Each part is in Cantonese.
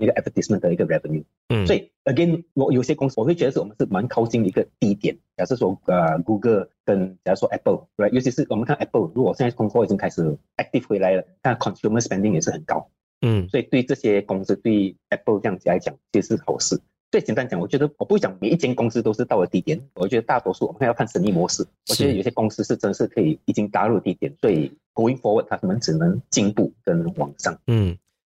一個 advertisement 的一個 revenue，嗯，所以 again，我有些公司，我會覺得是我們是蠻靠近一個地點。假設說，呃，Google 跟，假設說 Apple，right? 尤其是我們看 Apple，如果現在通貨已經開始 active 回來了，那 consumer spending 也是很高，嗯，所以對這些公司，對 Apple 這樣子來講，其實是好事。最簡單講，我覺得我不會講每一間公司都是到了地點，我覺得大多數，我們還要看生意模式。我覺得有些公司是真是可以已經打入地點，所以 going forward，他們只能進步跟往上。嗯。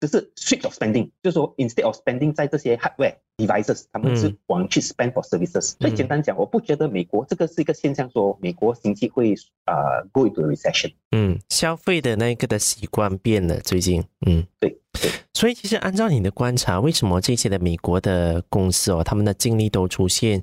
就是 switch of spending，就是說 instead of spending 在這些 hardware devices，他們是往、嗯、去 spend for services。最簡單講，我不覺得美國這個是一個現象，說美國經濟會啊、uh, go into a recession。嗯，消費的那一個的習慣變了最近。嗯，對。對所以其實按照你的觀察，為什麼這些的美國的公司哦，他們的盈利都出現。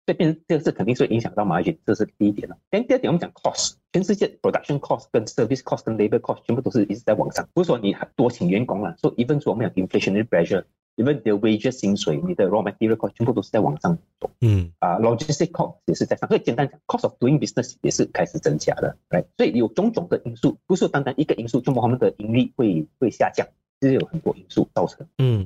變，呢個事肯定係影響到 margin，這是第一點啦。跟第二點，我們講 cost，全世界 production cost、跟 service cost、跟 labor cost 全部都是一直在往上。不是話你多請員工啦，so，even 說我們有 inflationary pressure，因為啲 wages 薪水、你的 raw material cost 全部都是在往上走。嗯。啊，uh，logistic cost 也是在上，所以簡單講，cost of doing business 也是開始增加的 right，所以有種種的因素，不是單單一個因素，就話我哋嘅盈利會會下降，其實有很多因素造成。嗯。